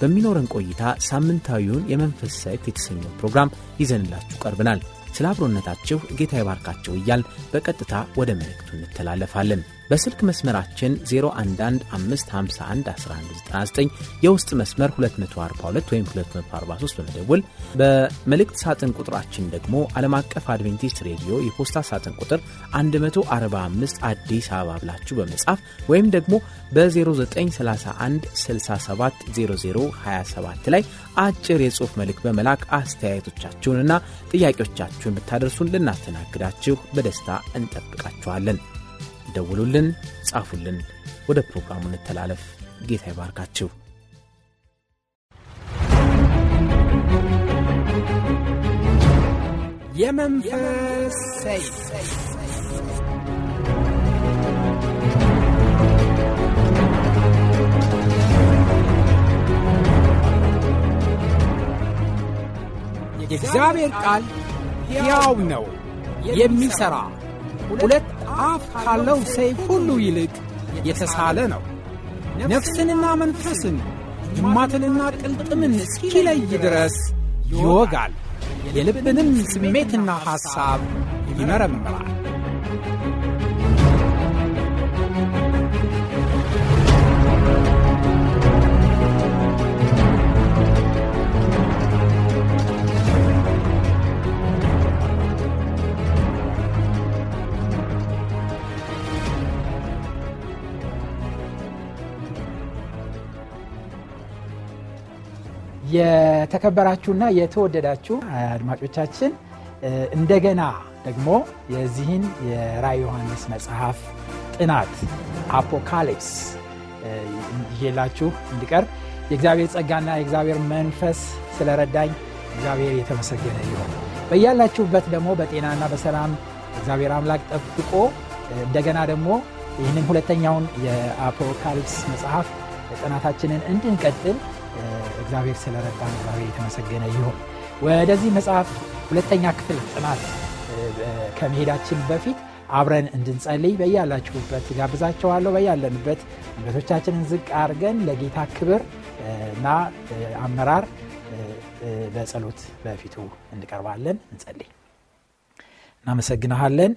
በሚኖረን ቆይታ ሳምንታዊውን የመንፈስ ሳይት የተሰኘው ፕሮግራም ይዘንላችሁ ቀርብናል። ስለ አብሮነታችሁ ጌታ ይባርካቸው እያል በቀጥታ ወደ መልእክቱ እንተላለፋለን። በስልክ መስመራችን 0115511199 የውስጥ መስመር 242 ወይም 243 በመደወል በመልእክት ሳጥን ቁጥራችን ደግሞ ዓለም አቀፍ አድቬንቲስት ሬዲዮ የፖስታ ሳጥን ቁጥር 145 አዲስ አበባ ብላችሁ በመጻፍ ወይም ደግሞ በ0931 ላይ አጭር የጽሑፍ መልእክት በመላክ አስተያየቶቻችሁንና ጥያቄዎቻችሁን ብታደርሱን ልናስተናግዳችሁ በደስታ እንጠብቃችኋለን። ደውሉልን፣ ጻፉልን። ወደ ፕሮግራሙ እንተላለፍ። ጌታ ይባርካችሁ። የመንፈስ የእግዚአብሔር ቃል ሕያው ነው የሚሠራ ሁለት አፍ ካለው ሰይፍ ሁሉ ይልቅ የተሳለ ነው ነፍስንና መንፈስን ጅማትንና ቅልጥምን እስኪለይ ድረስ ይወጋል የልብንም ስሜትና ሐሳብ ይመረምራል የተከበራችሁና የተወደዳችሁ አድማጮቻችን እንደገና ደግሞ የዚህን የራይ ዮሐንስ መጽሐፍ ጥናት አፖካሊፕስ ይዤላችሁ እንዲቀርብ የእግዚአብሔር ጸጋና የእግዚአብሔር መንፈስ ስለረዳኝ እግዚአብሔር የተመሰገነ ይሆን። በያላችሁበት ደግሞ በጤናና በሰላም እግዚአብሔር አምላክ ጠብቆ እንደገና ደግሞ ይህንን ሁለተኛውን የአፖካሊፕስ መጽሐፍ ጥናታችንን እንድንቀጥል እግዚአብሔር ስለረዳን እግዚአብሔር የተመሰገነ ይሁን። ወደዚህ መጽሐፍ ሁለተኛ ክፍል ጥናት ከመሄዳችን በፊት አብረን እንድንጸልይ በያላችሁበት ጋብዛቸዋለሁ በያለንበት አንገቶቻችንን ዝቅ አድርገን ለጌታ ክብር እና አመራር በጸሎት በፊቱ እንቀርባለን። እንጸልይ። እናመሰግናሃለን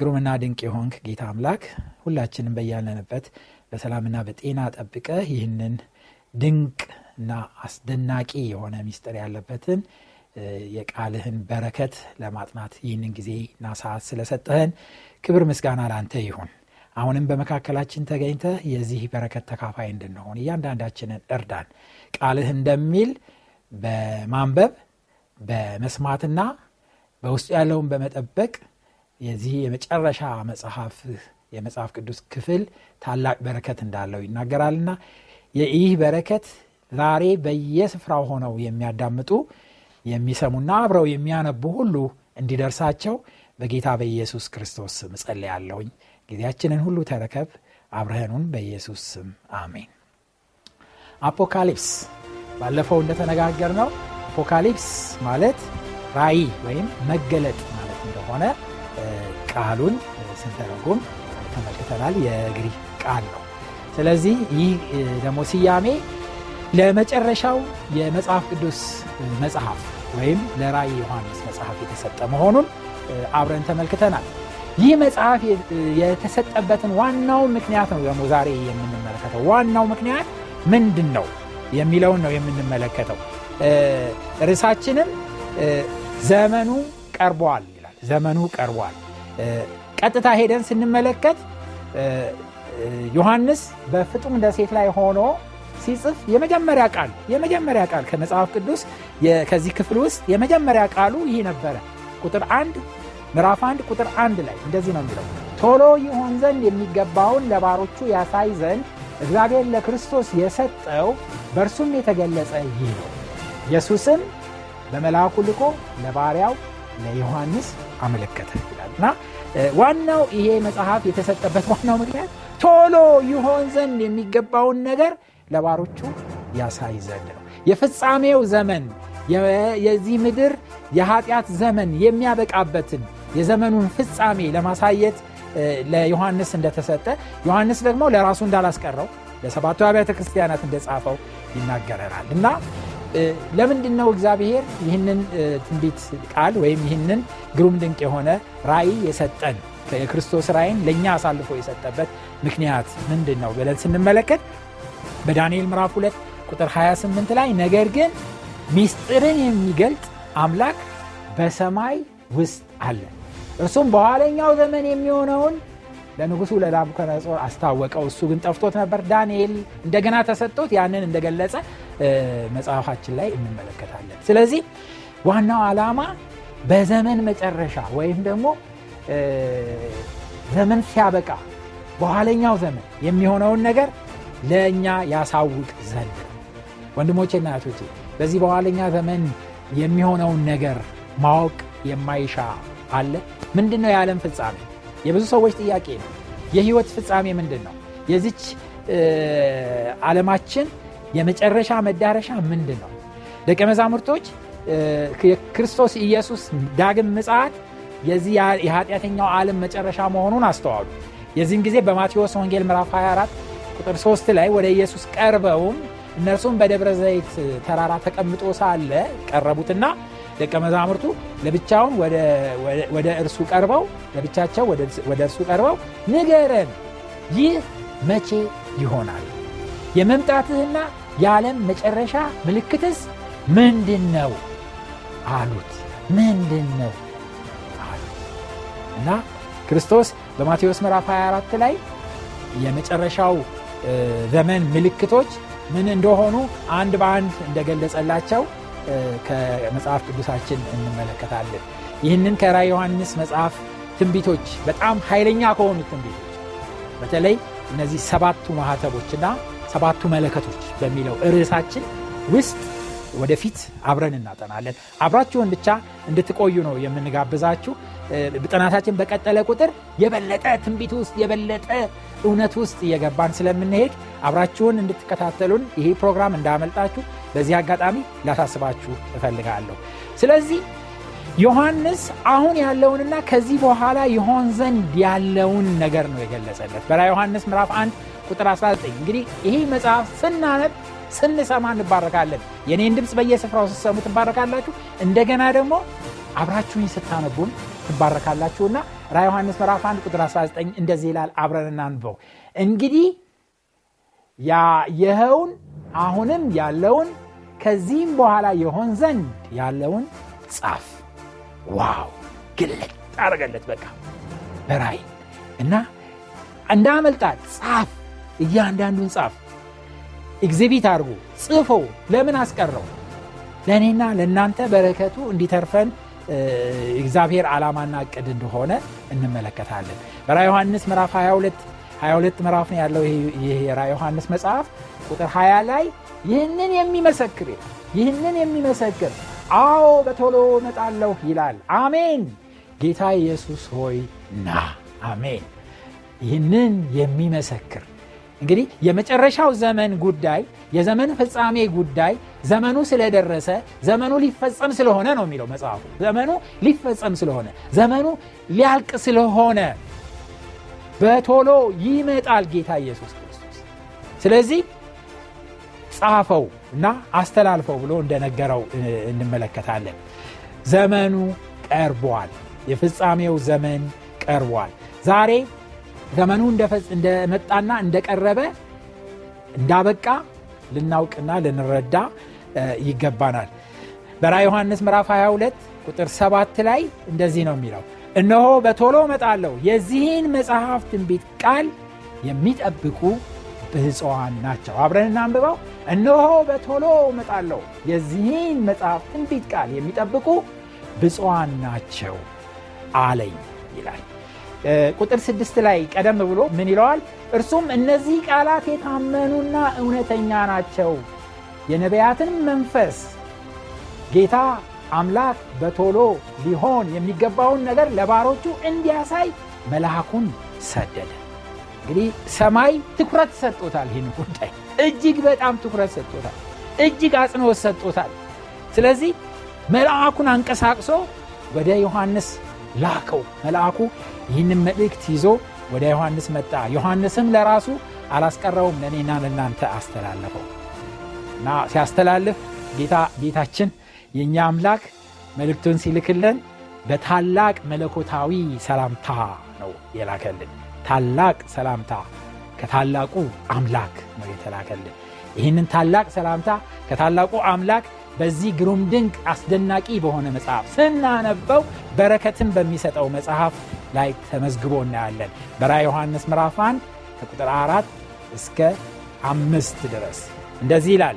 ግሩምና ድንቅ የሆንክ ጌታ አምላክ ሁላችንም በያለንበት በሰላምና በጤና ጠብቀ ይህንን ድንቅ እና አስደናቂ የሆነ ሚስጥር ያለበትን የቃልህን በረከት ለማጥናት ይህንን ና ሰዓት ስለሰጠህን ክብር ምስጋና ላንተ ይሁን። አሁንም በመካከላችን ተገኝተ የዚህ በረከት ተካፋይ እንድንሆን እያንዳንዳችንን እርዳን። ቃልህ እንደሚል በማንበብ በመስማትና በውስጡ ያለውን በመጠበቅ የዚህ የመጨረሻ መጽሐፍ የመጽሐፍ ቅዱስ ክፍል ታላቅ በረከት እንዳለው ይናገራልና የይህ በረከት ዛሬ በየስፍራው ሆነው የሚያዳምጡ የሚሰሙና አብረው የሚያነቡ ሁሉ እንዲደርሳቸው በጌታ በኢየሱስ ክርስቶስ ስም እጸልያለሁኝ። ጊዜያችንን ሁሉ ተረከብ። አብረህኑን በኢየሱስ ስም አሜን። አፖካሊፕስ ባለፈው እንደተነጋገር ነው አፖካሊፕስ ማለት ራይ ወይም መገለጥ ማለት እንደሆነ ቃሉን ስንተረጉም ተመልክተናል። የግሪክ ቃል ነው። ስለዚህ ይህ ደግሞ ስያሜ ለመጨረሻው የመጽሐፍ ቅዱስ መጽሐፍ ወይም ለራይ ዮሐንስ መጽሐፍ የተሰጠ መሆኑን አብረን ተመልክተናል። ይህ መጽሐፍ የተሰጠበትን ዋናው ምክንያት ነው ደግሞ ዛሬ የምንመለከተው። ዋናው ምክንያት ምንድን ነው የሚለውን ነው የምንመለከተው። ርዕሳችንም ዘመኑ ቀርቧል ይላል። ዘመኑ ቀርቧል። ቀጥታ ሄደን ስንመለከት ዮሐንስ በፍጡም ደሴት ላይ ሆኖ ሲጽፍ የመጀመሪያ ቃል የመጀመሪያ ቃል ከመጽሐፍ ቅዱስ ከዚህ ክፍል ውስጥ የመጀመሪያ ቃሉ ይህ ነበረ። ቁጥር አንድ ምዕራፍ አንድ ቁጥር አንድ ላይ እንደዚህ ነው የሚለው ቶሎ ይሆን ዘንድ የሚገባውን ለባሮቹ ያሳይ ዘንድ እግዚአብሔር ለክርስቶስ የሰጠው በእርሱም የተገለጸ ይህ ነው። ኢየሱስም በመልአኩ ልኮ ለባሪያው ለዮሐንስ አመለከተ ይላልና ዋናው ይሄ መጽሐፍ የተሰጠበት ዋናው ምክንያት ቶሎ ይሆን ዘንድ የሚገባውን ነገር ለባሮቹ ያሳይ ዘንድ ነው። የፍጻሜው ዘመን የዚህ ምድር የኃጢአት ዘመን የሚያበቃበትን የዘመኑን ፍጻሜ ለማሳየት ለዮሐንስ እንደተሰጠ ዮሐንስ ደግሞ ለራሱ እንዳላስቀረው ለሰባቱ አብያተ ክርስቲያናት እንደጻፈው ይናገረናል እና ለምንድን ነው እግዚአብሔር ይህንን ትንቢት ቃል ወይም ይህንን ግሩም ድንቅ የሆነ ራይ የሰጠን የክርስቶስ ራይን ለእኛ አሳልፎ የሰጠበት ምክንያት ምንድን ነው ብለን ስንመለከት በዳንኤል ምራፍ 2 ቁጥር 28 ላይ ነገር ግን ሚስጢርን የሚገልጥ አምላክ በሰማይ ውስጥ አለ እርሱም በኋለኛው ዘመን የሚሆነውን ለንጉሱ ለናቡከደነጾር አስታወቀው እሱ ግን ጠፍቶት ነበር ዳንኤል እንደገና ተሰጥቶት ያንን እንደገለጸ መጽሐፋችን ላይ እንመለከታለን ስለዚህ ዋናው ዓላማ በዘመን መጨረሻ ወይም ደግሞ ዘመን ሲያበቃ በኋለኛው ዘመን የሚሆነውን ነገር ለእኛ ያሳውቅ ዘንድ ወንድሞቼና እህቶቼ በዚህ በኋለኛ ዘመን የሚሆነውን ነገር ማወቅ የማይሻ አለ? ምንድን ነው የዓለም ፍጻሜ? የብዙ ሰዎች ጥያቄ ነው። የህይወት ፍጻሜ ምንድን ነው? የዚች ዓለማችን የመጨረሻ መዳረሻ ምንድን ነው? ደቀ መዛሙርቶች የክርስቶስ ኢየሱስ ዳግም ምጽት የዚህ የኃጢአተኛው ዓለም መጨረሻ መሆኑን አስተዋሉ። የዚህም ጊዜ በማቴዎስ ወንጌል ምዕራፍ 24 ቁጥር 3 ላይ ወደ ኢየሱስ ቀርበውም እነርሱም በደብረ ዘይት ተራራ ተቀምጦ ሳለ ቀረቡትና ደቀ መዛሙርቱ ለብቻውም ወደ እርሱ ቀርበው ለብቻቸው ወደ እርሱ ቀርበው ንገረን ይህ መቼ ይሆናል የመምጣትህና የዓለም መጨረሻ ምልክትስ ምንድን ነው አሉት ምንድን ነው እና ክርስቶስ በማቴዎስ ምዕራፍ 24 ላይ የመጨረሻው ዘመን ምልክቶች ምን እንደሆኑ አንድ በአንድ እንደገለጸላቸው ከመጽሐፍ ቅዱሳችን እንመለከታለን። ይህንን ከራ ዮሐንስ መጽሐፍ ትንቢቶች በጣም ኃይለኛ ከሆኑት ትንቢቶች በተለይ እነዚህ ሰባቱ ማህተቦችና ሰባቱ መለከቶች በሚለው ርዕሳችን ውስጥ ወደፊት አብረን እናጠናለን። አብራችሁን ብቻ እንድትቆዩ ነው የምንጋብዛችሁ። ጥናታችን በቀጠለ ቁጥር የበለጠ ትንቢት ውስጥ የበለጠ እውነት ውስጥ እየገባን ስለምንሄድ አብራችሁን እንድትከታተሉን ይህ ፕሮግራም እንዳመልጣችሁ በዚህ አጋጣሚ ላሳስባችሁ እፈልጋለሁ። ስለዚህ ዮሐንስ አሁን ያለውንና ከዚህ በኋላ ይሆን ዘንድ ያለውን ነገር ነው የገለጸለት በራ ዮሐንስ ምዕራፍ 1 ቁጥር 19 እንግዲህ ይህ መጽሐፍ ስናነብ ስንሰማ እንባረካለን የእኔን ድምፅ በየስፍራው ስትሰሙ ትባረካላችሁ እንደገና ደግሞ አብራችሁኝ ስታነቡም ትባረካላችሁና ራ ዮሐንስ ምዕራፍ 1 ቁጥር 19 እንደዚህ ይላል አብረን እናንበው እንግዲህ የኸውን አሁንም ያለውን ከዚህም በኋላ የሆን ዘንድ ያለውን ጻፍ ዋው ግልጥ አረገለት በቃ በራይ እና እንዳመልጣት ጻፍ እያንዳንዱን ጻፍ ኤግዚቢት አድርጎ ጽፎ ለምን አስቀረው ለእኔና ለእናንተ በረከቱ እንዲተርፈን እግዚአብሔር ዓላማና እቅድ እንደሆነ እንመለከታለን በራ ዮሐንስ ምዕራፍ 22 22 ምዕራፍ ነው ያለው ይህ የራ ዮሐንስ መጽሐፍ ቁጥር 20 ላይ ይህንን የሚመሰክር ይህንን የሚመሰክር አዎ በቶሎ መጣለሁ ይላል። አሜን። ጌታ ኢየሱስ ሆይ ና። አሜን። ይህንን የሚመሰክር እንግዲህ የመጨረሻው ዘመን ጉዳይ የዘመን ፍጻሜ ጉዳይ ዘመኑ ስለደረሰ ዘመኑ ሊፈጸም ስለሆነ ነው የሚለው መጽሐፉ። ዘመኑ ሊፈጸም ስለሆነ ዘመኑ ሊያልቅ ስለሆነ በቶሎ ይመጣል ጌታ ኢየሱስ ክርስቶስ። ስለዚህ ጻፈው እና አስተላልፈው ብሎ እንደነገረው እንመለከታለን። ዘመኑ ቀርቧል። የፍጻሜው ዘመን ቀርቧል። ዛሬ ዘመኑ እንደመጣና እንደቀረበ እንዳበቃ ልናውቅና ልንረዳ ይገባናል። በራ ዮሐንስ ምዕራፍ 22 ቁጥር 7 ላይ እንደዚህ ነው የሚለው እነሆ በቶሎ መጣለው የዚህን መጽሐፍ ትንቢት ቃል የሚጠብቁ ብፁዓን ናቸው። አብረን እናንብበው። እነሆ በቶሎ እመጣለሁ፣ የዚህን መጽሐፍ ትንቢት ቃል የሚጠብቁ ብፅዋን ናቸው አለኝ ይላል። ቁጥር ስድስት ላይ ቀደም ብሎ ምን ይለዋል? እርሱም እነዚህ ቃላት የታመኑና እውነተኛ ናቸው፣ የነቢያትን መንፈስ ጌታ አምላክ በቶሎ ሊሆን የሚገባውን ነገር ለባሮቹ እንዲያሳይ መልአኩን ሰደደ። እንግዲህ ሰማይ ትኩረት ሰጥቶታል። ይህን ጉዳይ እጅግ በጣም ትኩረት ሰጥቶታል፣ እጅግ አጽንኦት ሰጥቶታል። ስለዚህ መልአኩን አንቀሳቅሶ ወደ ዮሐንስ ላከው። መልአኩ ይህንን መልእክት ይዞ ወደ ዮሐንስ መጣ። ዮሐንስም ለራሱ አላስቀረውም፣ ለእኔና ለእናንተ አስተላለፈው እና ሲያስተላልፍ ጌታ ጌታችን የእኛ አምላክ መልእክቱን ሲልክልን በታላቅ መለኮታዊ ሰላምታ ነው የላከልን። ታላቅ ሰላምታ ከታላቁ አምላክ ነው የተላከልን። ይህንን ታላቅ ሰላምታ ከታላቁ አምላክ በዚህ ግሩም ድንቅ አስደናቂ በሆነ መጽሐፍ ስናነበው በረከትን በሚሰጠው መጽሐፍ ላይ ተመዝግቦ እናያለን። በራ ዮሐንስ ምዕራፍ 1 ከቁጥር 4 እስከ አምስት ድረስ እንደዚህ ይላል።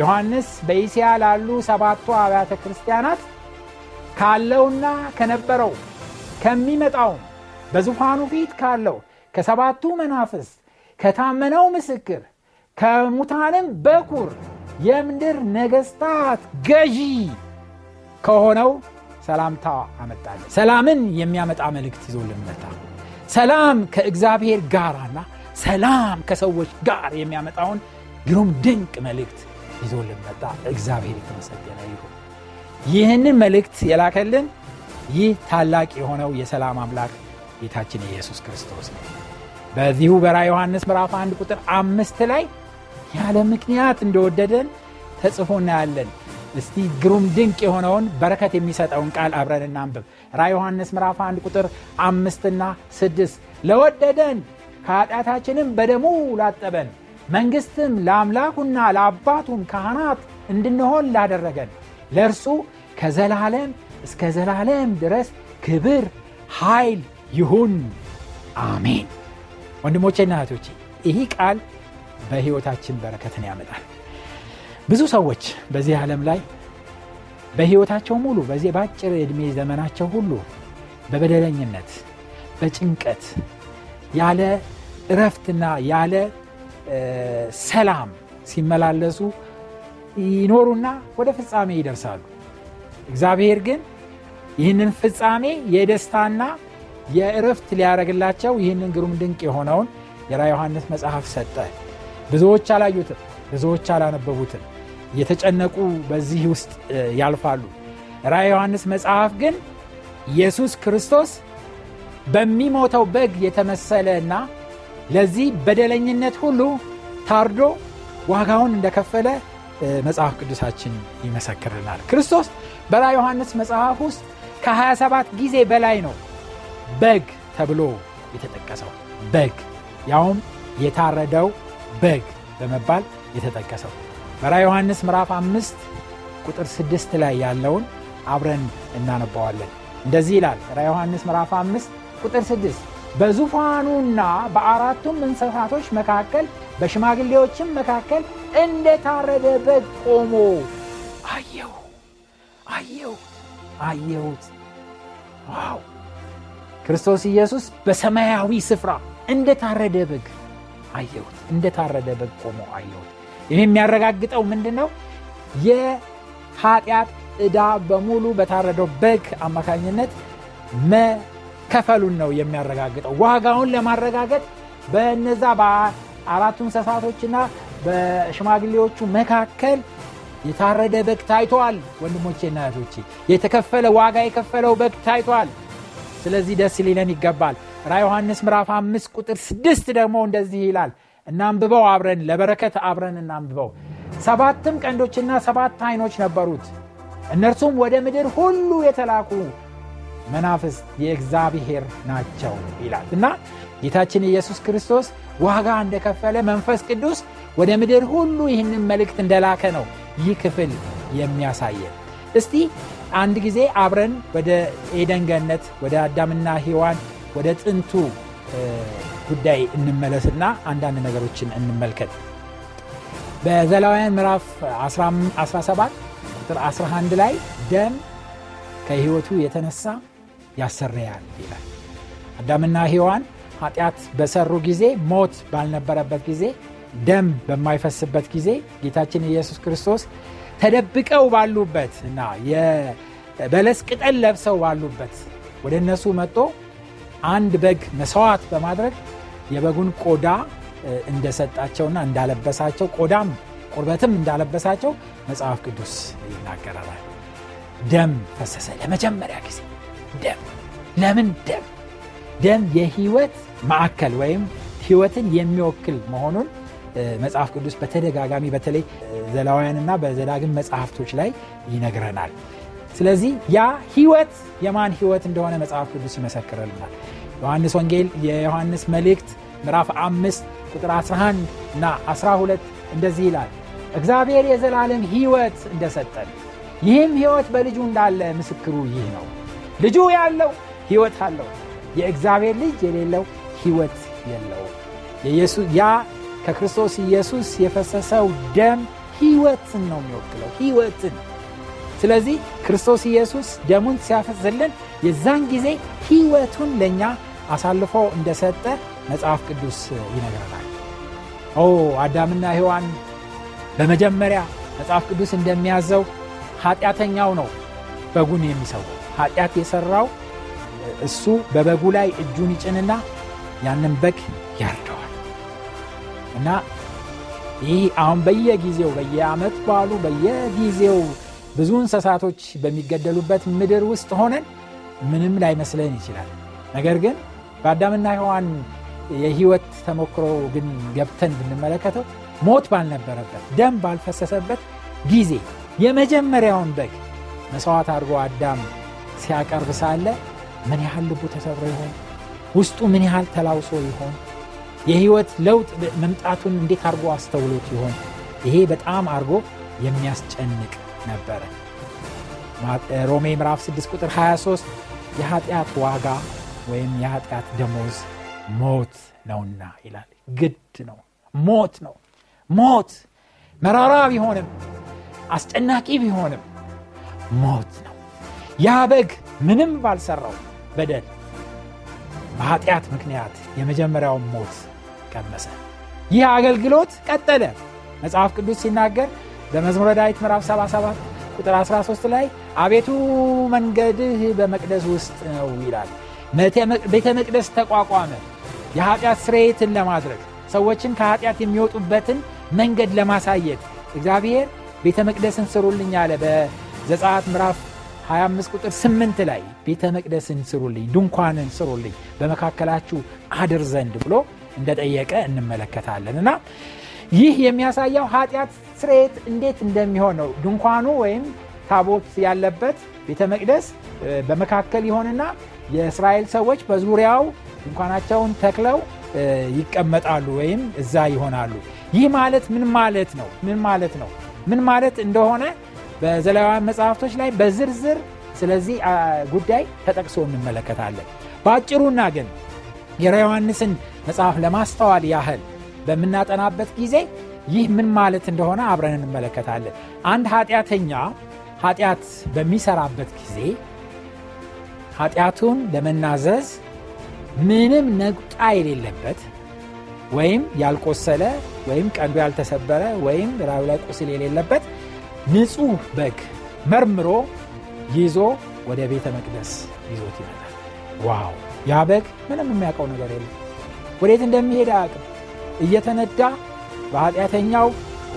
ዮሐንስ በኢስያ ላሉ ሰባቱ አብያተ ክርስቲያናት ካለውና ከነበረው ከሚመጣውም በዙፋኑ ፊት ካለው ከሰባቱ መናፍስ ከታመነው ምስክር ከሙታንም በኩር የምድር ነገስታት ገዢ ከሆነው ሰላምታ አመጣለ። ሰላምን የሚያመጣ መልእክት ይዞልን መጣ። ሰላም ከእግዚአብሔር ጋርና ሰላም ከሰዎች ጋር የሚያመጣውን ግሩም ድንቅ መልእክት ይዞ መጣ። እግዚአብሔር የተመሰገነ ይሁን። ይህንን መልእክት የላከልን ይህ ታላቅ የሆነው የሰላም አምላክ ጌታችን ኢየሱስ ክርስቶስ ነው በዚሁ በራ ዮሐንስ ምዕራፍ 1 ቁጥር አምስት ላይ ያለ ምክንያት እንደወደደን ተጽፎ እናያለን እስቲ ግሩም ድንቅ የሆነውን በረከት የሚሰጠውን ቃል አብረን እናንብብ ራ ዮሐንስ ምዕራፍ 1 ቁጥር አምስትና ስድስት ለወደደን ከኃጢአታችንም በደሙ ላጠበን መንግስትም ለአምላኩና ለአባቱም ካህናት እንድንሆን ላደረገን ለእርሱ ከዘላለም እስከ ዘላለም ድረስ ክብር ኃይል ይሁን። አሜን። ወንድሞቼና እህቶቼ ይህ ቃል በሕይወታችን በረከትን ያመጣል። ብዙ ሰዎች በዚህ ዓለም ላይ በሕይወታቸው ሙሉ በዚህ በአጭር የዕድሜ ዘመናቸው ሁሉ በበደለኝነት፣ በጭንቀት፣ ያለ እረፍትና ያለ ሰላም ሲመላለሱ ይኖሩና ወደ ፍጻሜ ይደርሳሉ። እግዚአብሔር ግን ይህንን ፍጻሜ የደስታና የእረፍት ሊያደረግላቸው ይህንን ግሩም ድንቅ የሆነውን የራ ዮሐንስ መጽሐፍ ሰጠ። ብዙዎች አላዩትም፣ ብዙዎች አላነበቡትም፣ የተጨነቁ በዚህ ውስጥ ያልፋሉ። ራ ዮሐንስ መጽሐፍ ግን ኢየሱስ ክርስቶስ በሚሞተው በግ የተመሰለና ለዚህ በደለኝነት ሁሉ ታርዶ ዋጋውን እንደከፈለ መጽሐፍ ቅዱሳችን ይመሰክርናል። ክርስቶስ በራ ዮሐንስ መጽሐፍ ውስጥ ከ27 ጊዜ በላይ ነው በግ ተብሎ የተጠቀሰው በግ ያውም የታረደው በግ በመባል የተጠቀሰው በራ ዮሐንስ ምዕራፍ አምስት ቁጥር ስድስት ላይ ያለውን አብረን እናነባዋለን። እንደዚህ ይላል ራ ዮሐንስ ምዕራፍ አምስት ቁጥር ስድስት በዙፋኑና በአራቱም እንስሳቶች መካከል በሽማግሌዎችም መካከል እንደ ታረደ በግ ቆሞ አየሁ አየሁ አየሁት ዋው ክርስቶስ ኢየሱስ በሰማያዊ ስፍራ እንደታረደ በግ አየሁት። እንደታረደ በግ ቆሞ አየሁት። ይህ የሚያረጋግጠው ምንድ ነው? የኃጢአት ዕዳ በሙሉ በታረደው በግ አማካኝነት መከፈሉን ነው የሚያረጋግጠው። ዋጋውን ለማረጋገጥ በነዛ በአራቱ እንስሳቶችና በሽማግሌዎቹ መካከል የታረደ በግ ታይቷል። ወንድሞቼና እህቶቼ የተከፈለ ዋጋ የከፈለው በግ ታይቷል። ስለዚህ ደስ ሊለን ይገባል። ራ ዮሐንስ ምዕራፍ አምስት ቁጥር ስድስት ደግሞ እንደዚህ ይላል። እናንብበው አብረን ለበረከት አብረን እናንብበው። ሰባትም ቀንዶችና ሰባት አይኖች ነበሩት። እነርሱም ወደ ምድር ሁሉ የተላኩ መናፍስት የእግዚአብሔር ናቸው ይላል እና ጌታችን ኢየሱስ ክርስቶስ ዋጋ እንደከፈለ መንፈስ ቅዱስ ወደ ምድር ሁሉ ይህንን መልእክት እንደላከ ነው ይህ ክፍል የሚያሳየን። እስቲ አንድ ጊዜ አብረን ወደ ኤደን ገነት ወደ አዳምና ሔዋን ወደ ጥንቱ ጉዳይ እንመለስና አንዳንድ ነገሮችን እንመልከት። በዘላውያን ምዕራፍ 17 ቁጥር 11 ላይ ደም ከሕይወቱ የተነሳ ያሰረያል ይላል። አዳምና ሔዋን ኃጢአት በሰሩ ጊዜ ሞት ባልነበረበት ጊዜ ደም በማይፈስበት ጊዜ ጌታችን ኢየሱስ ክርስቶስ ተደብቀው ባሉበት እና የበለስ ቅጠል ለብሰው ባሉበት ወደ እነሱ መጥቶ አንድ በግ መስዋዕት በማድረግ የበጉን ቆዳ እንደሰጣቸውና እንዳለበሳቸው ቆዳም ቁርበትም እንዳለበሳቸው መጽሐፍ ቅዱስ ይናገራል። ደም ፈሰሰ። ለመጀመሪያ ጊዜ ደም። ለምን ደም? ደም የህይወት ማዕከል ወይም ህይወትን የሚወክል መሆኑን መጽሐፍ ቅዱስ በተደጋጋሚ በተለይ ዘላውያንና በዘዳግም መጽሐፍቶች ላይ ይነግረናል። ስለዚህ ያ ህይወት የማን ህይወት እንደሆነ መጽሐፍ ቅዱስ ይመሰክርልናል። ዮሐንስ ወንጌል የዮሐንስ መልእክት ምዕራፍ አምስት ቁጥር 11 እና 12 እንደዚህ ይላል፣ እግዚአብሔር የዘላለም ህይወት እንደሰጠን ይህም ህይወት በልጁ እንዳለ ምስክሩ ይህ ነው። ልጁ ያለው ህይወት አለው፣ የእግዚአብሔር ልጅ የሌለው ህይወት የለው። ያ ከክርስቶስ ኢየሱስ የፈሰሰው ደም ህይወትን ነው የሚወክለው ሕይወትን ስለዚህ ክርስቶስ ኢየሱስ ደሙን ሲያፈስልን የዛን ጊዜ ህይወቱን ለእኛ አሳልፎ እንደሰጠ መጽሐፍ ቅዱስ ይነግረናል ኦ አዳምና ሕዋን በመጀመሪያ መጽሐፍ ቅዱስ እንደሚያዘው ኃጢአተኛው ነው በጉን የሚሰው ኃጢአት የሠራው እሱ በበጉ ላይ እጁን ይጭንና ያንን በግ ያርዳል እና ይህ አሁን በየጊዜው በየአመት ባሉ በየጊዜው ብዙ እንስሳቶች በሚገደሉበት ምድር ውስጥ ሆነን ምንም ላይመስለን ይችላል። ነገር ግን በአዳምና ህዋን የህይወት ተሞክሮ ግን ገብተን ብንመለከተው ሞት ባልነበረበት ደም ባልፈሰሰበት ጊዜ የመጀመሪያውን በግ መሥዋዕት አድርጎ አዳም ሲያቀርብ ሳለ ምን ያህል ልቡ ተሰብሮ ይሆን? ውስጡ ምን ያህል ተላውሶ ይሆን? የህይወት ለውጥ መምጣቱን እንዴት አድርጎ አስተውሎት ይሆን? ይሄ በጣም አድርጎ የሚያስጨንቅ ነበረ። ሮሜ ምዕራፍ 6 ቁጥር 23 የኃጢአት ዋጋ ወይም የኃጢአት ደሞዝ ሞት ነውና ይላል። ግድ ነው፣ ሞት ነው። ሞት መራራ ቢሆንም አስጨናቂ ቢሆንም ሞት ነው። ያ በግ ምንም ባልሰራው በደል በኃጢአት ምክንያት የመጀመሪያውን ሞት ቀመሰ። ይህ አገልግሎት ቀጠለ። መጽሐፍ ቅዱስ ሲናገር በመዝሙረ ዳዊት ምዕራፍ 77 ቁጥር 13 ላይ አቤቱ መንገድህ በመቅደስ ውስጥ ነው ይላል። ቤተ መቅደስ ተቋቋመ። የኃጢአት ስርየትን ለማድረግ ሰዎችን ከኃጢአት የሚወጡበትን መንገድ ለማሳየት እግዚአብሔር ቤተ መቅደስን ስሩልኝ አለ። በዘጻት ምዕራፍ 25 ቁጥር 8 ላይ ቤተ መቅደስን ስሩልኝ፣ ድንኳንን ስሩልኝ በመካከላችሁ አድር ዘንድ ብሎ እንደጠየቀ እንመለከታለን እና ይህ የሚያሳየው ኃጢአት ስርየት እንዴት እንደሚሆን ነው። ድንኳኑ ወይም ታቦት ያለበት ቤተ መቅደስ በመካከል ይሆንና የእስራኤል ሰዎች በዙሪያው ድንኳናቸውን ተክለው ይቀመጣሉ ወይም እዛ ይሆናሉ። ይህ ማለት ምን ማለት ነው? ምን ማለት ነው? ምን ማለት እንደሆነ በዘሌዋውያን መጽሐፍቶች ላይ በዝርዝር ስለዚህ ጉዳይ ተጠቅሶ እንመለከታለን። በአጭሩና ግን የራ ዮሐንስን መጽሐፍ ለማስተዋል ያህል በምናጠናበት ጊዜ ይህ ምን ማለት እንደሆነ አብረን እንመለከታለን። አንድ ኃጢአተኛ ኃጢአት በሚሰራበት ጊዜ ኃጢአቱን ለመናዘዝ ምንም ነቁጣ የሌለበት ወይም ያልቆሰለ ወይም ቀንዱ ያልተሰበረ ወይም ራዩ ላይ ቁስል የሌለበት ንጹህ በግ መርምሮ ይዞ ወደ ቤተ መቅደስ ይዞት ይመጣል። ዋው! ያ በግ ምንም የሚያውቀው ነገር የለም። ወዴት እንደሚሄድ አያቅም እየተነዳ በኃጢአተኛው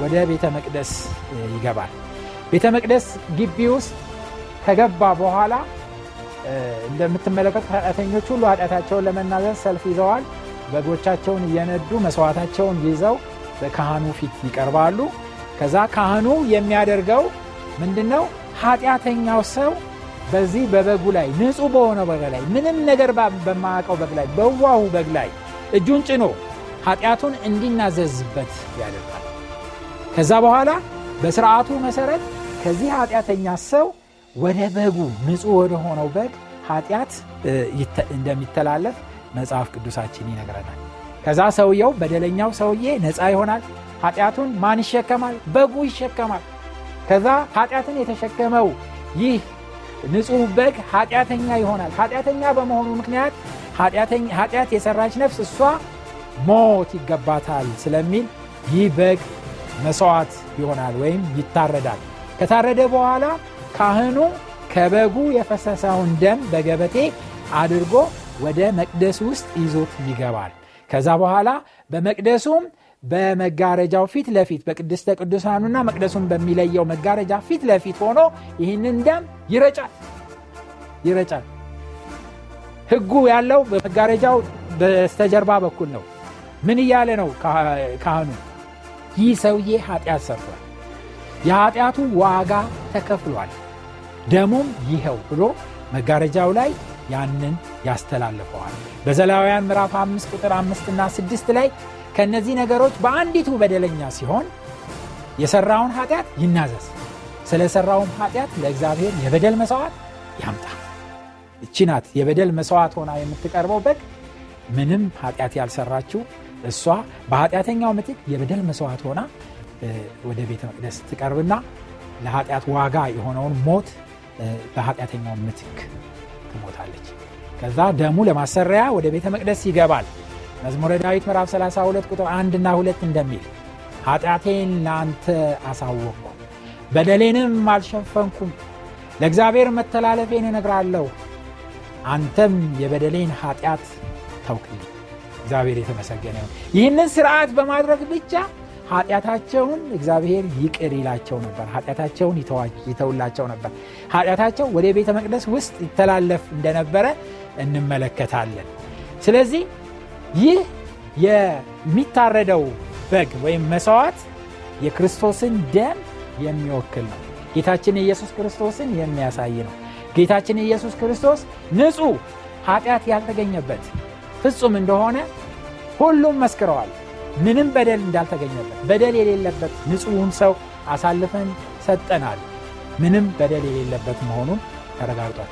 ወደ ቤተ መቅደስ ይገባል። ቤተ መቅደስ ግቢ ውስጥ ከገባ በኋላ እንደምትመለከቱ ኃጢአተኞች ሁሉ ኃጢአታቸውን ለመናዘዝ ሰልፍ ይዘዋል። በጎቻቸውን እየነዱ መስዋዕታቸውን ይዘው በካህኑ ፊት ይቀርባሉ። ከዛ ካህኑ የሚያደርገው ምንድን ነው? ኃጢአተኛው ሰው በዚህ በበጉ ላይ ንጹህ በሆነው በግ ላይ ምንም ነገር በማያውቀው በግ ላይ በዋሁ በግ ላይ እጁን ጭኖ ኃጢአቱን እንዲናዘዝበት ያደርጋል። ከዛ በኋላ በሥርዓቱ መሠረት ከዚህ ኃጢአተኛ ሰው ወደ በጉ ንጹሕ ወደ ሆነው በግ ኃጢአት እንደሚተላለፍ መጽሐፍ ቅዱሳችን ይነግረናል። ከዛ ሰውየው በደለኛው ሰውዬ ነፃ ይሆናል። ኃጢአቱን ማን ይሸከማል? በጉ ይሸከማል። ከዛ ኃጢአትን የተሸከመው ይህ ንጹሕ በግ ኃጢአተኛ ይሆናል። ኃጢአተኛ በመሆኑ ምክንያት ኃጢአት የሰራች ነፍስ እሷ ሞት ይገባታል ስለሚል ይህ በግ መስዋዕት ይሆናል ወይም ይታረዳል ከታረደ በኋላ ካህኑ ከበጉ የፈሰሰውን ደም በገበቴ አድርጎ ወደ መቅደስ ውስጥ ይዞት ይገባል ከዛ በኋላ በመቅደሱም በመጋረጃው ፊት ለፊት በቅድስተ ቅዱሳኑና መቅደሱን በሚለየው መጋረጃ ፊት ለፊት ሆኖ ይህንን ደም ይረጫል ይረጫል ህጉ ያለው በመጋረጃው በስተጀርባ በኩል ነው። ምን እያለ ነው ካህኑ? ይህ ሰውዬ ኃጢአት ሰርቷል፣ የኃጢአቱ ዋጋ ተከፍሏል፣ ደሞም ይኸው ብሎ መጋረጃው ላይ ያንን ያስተላልፈዋል። በዘላውያን ምዕራፍ 5 ቁጥር 5 እና 6 ላይ ከእነዚህ ነገሮች በአንዲቱ በደለኛ ሲሆን የሰራውን ኃጢአት ይናዘዝ፣ ስለሰራውም ኃጢአት ለእግዚአብሔር የበደል መሥዋዕት ያምጣ። እቺ ናት የበደል መስዋዕት ሆና የምትቀርበው በግ ምንም ኃጢአት ያልሰራችው እሷ በኃጢአተኛው ምትክ የበደል መስዋዕት ሆና ወደ ቤተ መቅደስ ትቀርብና ለኃጢአት ዋጋ የሆነውን ሞት በኃጢአተኛው ምትክ ትሞታለች ከዛ ደሙ ለማሰሪያ ወደ ቤተ መቅደስ ይገባል መዝሙረ ዳዊት ምዕራፍ 32 ቁጥር 1 እና 2 እንደሚል ኃጢአቴን ለአንተ አሳወቅኩ በደሌንም አልሸፈንኩም ለእግዚአብሔር መተላለፌን እነግራለሁ አንተም የበደሌን ኃጢአት ተውክልኝ እግዚአብሔር የተመሰገነ ይህንን ስርዓት በማድረግ ብቻ ኃጢአታቸውን እግዚአብሔር ይቅር ይላቸው ነበር ኃጢአታቸውን ይተውላቸው ነበር ኃጢአታቸው ወደ ቤተ መቅደስ ውስጥ ይተላለፍ እንደነበረ እንመለከታለን ስለዚህ ይህ የሚታረደው በግ ወይም መሰዋት የክርስቶስን ደም የሚወክል ነው ጌታችን ኢየሱስ ክርስቶስን የሚያሳይ ነው ጌታችን ኢየሱስ ክርስቶስ ንጹሕ ኃጢአት ያልተገኘበት ፍጹም እንደሆነ ሁሉም መስክረዋል። ምንም በደል እንዳልተገኘበት በደል የሌለበት ንጹሑን ሰው አሳልፈን ሰጠናል። ምንም በደል የሌለበት መሆኑን ተረጋግጧል።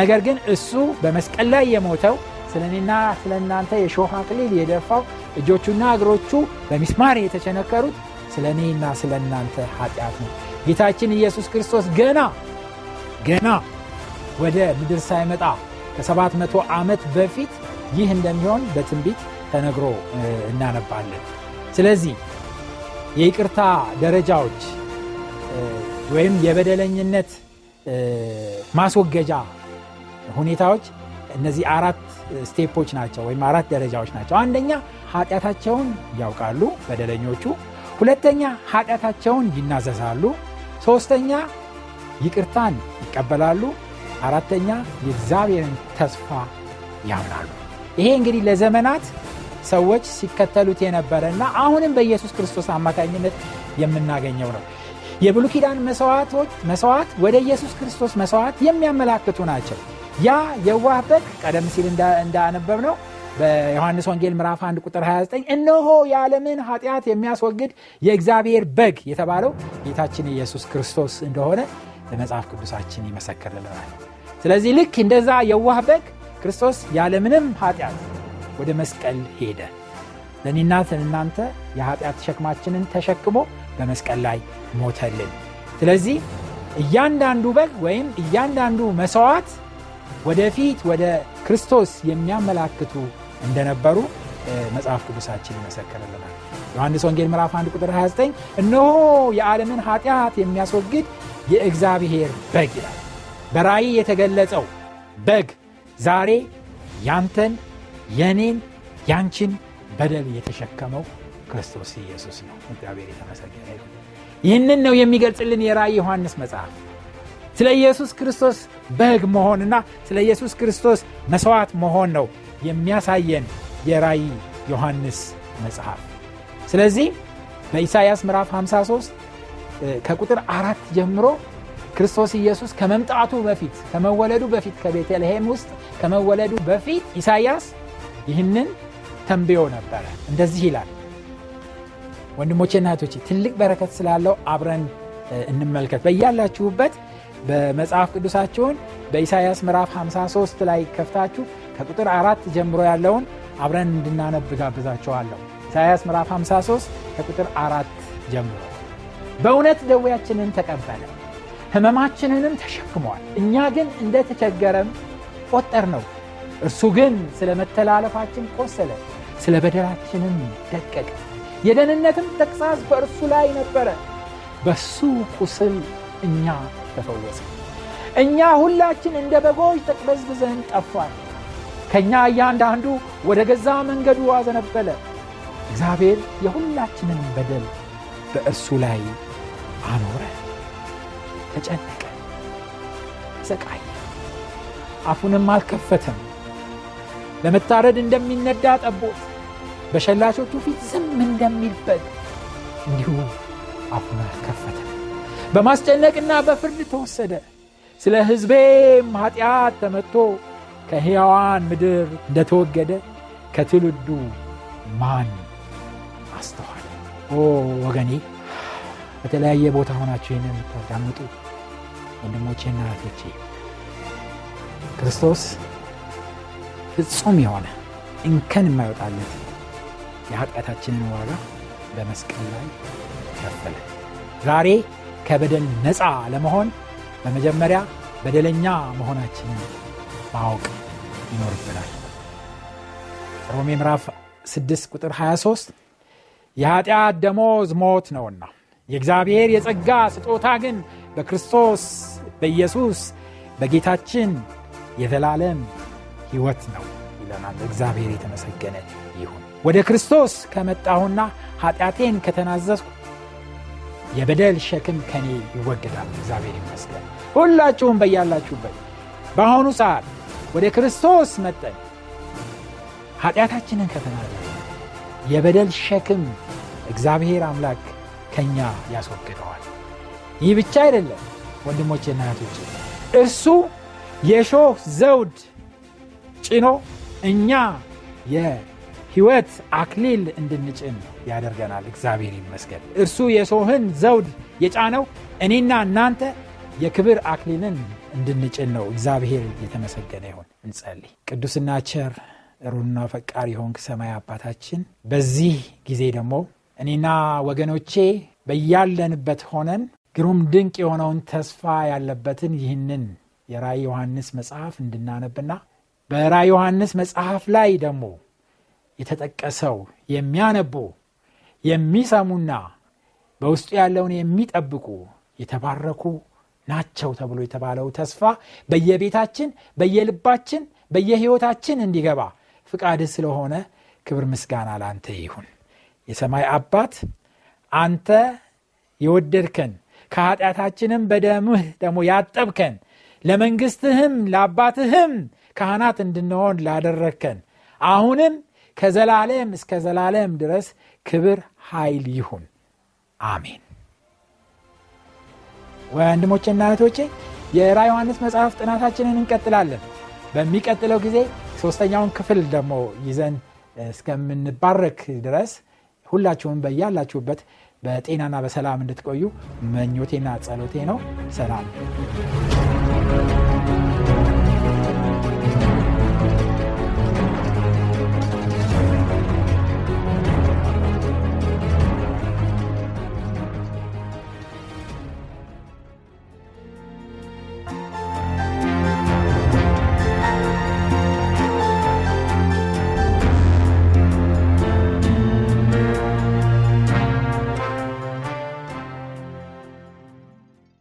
ነገር ግን እሱ በመስቀል ላይ የሞተው ስለኔና ስለ እናንተ የሾህ የደፋው እጆቹና እግሮቹ በሚስማር የተቸነከሩት ስለ እኔና ስለ እናንተ ኃጢአት ነው። ጌታችን ኢየሱስ ክርስቶስ ገና ገና ወደ ምድር ሳይመጣ ከሰባት መቶ ዓመት በፊት ይህ እንደሚሆን በትንቢት ተነግሮ እናነባለን። ስለዚህ የይቅርታ ደረጃዎች ወይም የበደለኝነት ማስወገጃ ሁኔታዎች እነዚህ አራት ስቴፖች ናቸው ወይም አራት ደረጃዎች ናቸው። አንደኛ ኃጢአታቸውን ያውቃሉ በደለኞቹ። ሁለተኛ ኃጢአታቸውን ይናዘዛሉ። ሶስተኛ ይቅርታን ይቀበላሉ። አራተኛ የእግዚአብሔርን ተስፋ ያምናሉ። ይሄ እንግዲህ ለዘመናት ሰዎች ሲከተሉት የነበረና አሁንም በኢየሱስ ክርስቶስ አማካኝነት የምናገኘው ነው። የብሉኪዳን ኪዳን መስዋዕት ወደ ኢየሱስ ክርስቶስ መስዋዕት የሚያመላክቱ ናቸው። ያ የዋህ በግ ቀደም ሲል እንዳነበብ ነው በዮሐንስ ወንጌል ምዕራፍ 1 ቁጥር 29 እነሆ የዓለምን ኃጢአት የሚያስወግድ የእግዚአብሔር በግ የተባለው ጌታችን ኢየሱስ ክርስቶስ እንደሆነ ለመጽሐፍ ቅዱሳችን ይመሰክርልናል። ስለዚህ ልክ እንደዛ የዋህ በግ ክርስቶስ ያለምንም ኃጢአት ወደ መስቀል ሄደ። ለእኔና ለእናንተ የኃጢአት ሸክማችንን ተሸክሞ በመስቀል ላይ ሞተልን። ስለዚህ እያንዳንዱ በግ ወይም እያንዳንዱ መሥዋዕት ወደፊት ወደ ክርስቶስ የሚያመላክቱ እንደነበሩ መጽሐፍ ቅዱሳችን ይመሰክርልናል። ዮሐንስ ወንጌል ምዕራፍ 1 ቁጥር 29 እነሆ የዓለምን ኃጢአት የሚያስወግድ የእግዚአብሔር በግ ይላል። በራእይ የተገለጸው በግ ዛሬ ያንተን፣ የኔን፣ ያንቺን በደል የተሸከመው ክርስቶስ ኢየሱስ ነው። እግዚአብሔር የተመሰገነ ይህንን ነው የሚገልጽልን የራእይ ዮሐንስ መጽሐፍ ስለ ኢየሱስ ክርስቶስ በግ መሆንና ስለ ኢየሱስ ክርስቶስ መሥዋዕት መሆን ነው የሚያሳየን የራይ ዮሐንስ መጽሐፍ። ስለዚህ በኢሳይያስ ምዕራፍ 53 ከቁጥር አራት ጀምሮ ክርስቶስ ኢየሱስ ከመምጣቱ በፊት ከመወለዱ በፊት ከቤተልሔም ውስጥ ከመወለዱ በፊት ኢሳይያስ ይህንን ተንብዮ ነበረ። እንደዚህ ይላል። ወንድሞቼና እህቶቼ ትልቅ በረከት ስላለው አብረን እንመልከት። በያላችሁበት በመጽሐፍ ቅዱሳችሁን በኢሳይያስ ምዕራፍ 53 ላይ ከፍታችሁ ከቁጥር አራት ጀምሮ ያለውን አብረን እንድናነብ ጋብዛችኋለሁ። ኢሳይያስ ምዕራፍ 53 ከቁጥር አራት ጀምሮ በእውነት ደዌያችንን ተቀበለ ህመማችንንም ተሸክሟል። እኛ ግን እንደተቸገረም ቆጠር ነው። እርሱ ግን ስለ መተላለፋችን ቆሰለ፣ ስለ በደላችንም ደቀቀ። የደህንነትም ተግሣጽ በእርሱ ላይ ነበረ፣ በሱ ቁስል እኛ ተፈወሰ። እኛ ሁላችን እንደ በጎች ተቅበዝብዘን ጠፏል ከእኛ እያንዳንዱ ወደ ገዛ መንገዱ አዘነበለ። እግዚአብሔር የሁላችንን በደል በእርሱ ላይ አኖረ። ተጨነቀ፣ ዘቃይ አፉንም አልከፈተም። ለመታረድ እንደሚነዳ ጠቦት በሸላቾቹ ፊት ዝም እንደሚልበት እንዲሁ አፉን አልከፈተም። በማስጨነቅና በፍርድ ተወሰደ። ስለ ሕዝቤም ኃጢአት ተመጥቶ ከሕያዋን ምድር እንደተወገደ ከትውልዱ ማን አስተዋል ኦ ወገኔ፣ በተለያየ ቦታ ሆናችሁ ይህን የምታዳምጡ ና እህቶቼ ክርስቶስ ፍጹም የሆነ እንከን የማይወጣለት የኃጢአታችንን ዋጋ በመስቀል ላይ ከፈለ። ዛሬ ከበደል ነፃ ለመሆን በመጀመሪያ በደለኛ መሆናችንን ማወቅ ይኖርብናል። ሮሜ ምዕራፍ 6 ቁጥር 23 የኃጢአት ደሞዝ ሞት ነውና የእግዚአብሔር የጸጋ ስጦታ ግን በክርስቶስ በኢየሱስ በጌታችን የዘላለም ሕይወት ነው ይለናል። እግዚአብሔር የተመሰገነ ይሁን። ወደ ክርስቶስ ከመጣሁና ኃጢአቴን ከተናዘዝኩ የበደል ሸክም ከኔ ይወገዳል። እግዚአብሔር ይመስገን። ሁላችሁም በያላችሁበት በአሁኑ ሰዓት ወደ ክርስቶስ መጠን ኃጢአታችንን ከተናዘዝን የበደል ሸክም እግዚአብሔር አምላክ ከኛ ያስወግደዋል። ይህ ብቻ አይደለም ወንድሞቼና እህቶቼ፣ እርሱ የሾህ ዘውድ ጭኖ እኛ የህይወት አክሊል እንድንጭን ያደርገናል። እግዚአብሔር ይመስገን። እርሱ የሾህን ዘውድ የጫነው እኔና እናንተ የክብር አክሊልን እንድንጭን ነው። እግዚአብሔር የተመሰገነ ይሆን እንጸልይ። ቅዱስና ቸር ሩና ፈቃሪ ሆንክ ሰማይ አባታችን በዚህ ጊዜ ደግሞ እኔና ወገኖቼ በያለንበት ሆነን ግሩም ድንቅ የሆነውን ተስፋ ያለበትን ይህንን የራይ ዮሐንስ መጽሐፍ እንድናነብና በራይ ዮሐንስ መጽሐፍ ላይ ደግሞ የተጠቀሰው የሚያነቡ የሚሰሙና በውስጡ ያለውን የሚጠብቁ የተባረኩ ናቸው ተብሎ የተባለው ተስፋ በየቤታችን በየልባችን በየህይወታችን እንዲገባ ፍቃድ ስለሆነ ክብር ምስጋና ላንተ ይሁን። የሰማይ አባት አንተ የወደድከን ከኃጢአታችንም በደምህ ደግሞ ያጠብከን ለመንግስትህም ለአባትህም ካህናት እንድንሆን ላደረግከን አሁንም ከዘላለም እስከ ዘላለም ድረስ ክብር ኃይል ይሁን አሜን ወንድሞቼና እህቶቼ የራ ዮሐንስ መጽሐፍ ጥናታችንን እንቀጥላለን በሚቀጥለው ጊዜ ሶስተኛውን ክፍል ደግሞ ይዘን እስከምንባረክ ድረስ ሁላችሁም በያላችሁበት በጤናና በሰላም እንድትቆዩ መኞቴና ጸሎቴ ነው። ሰላም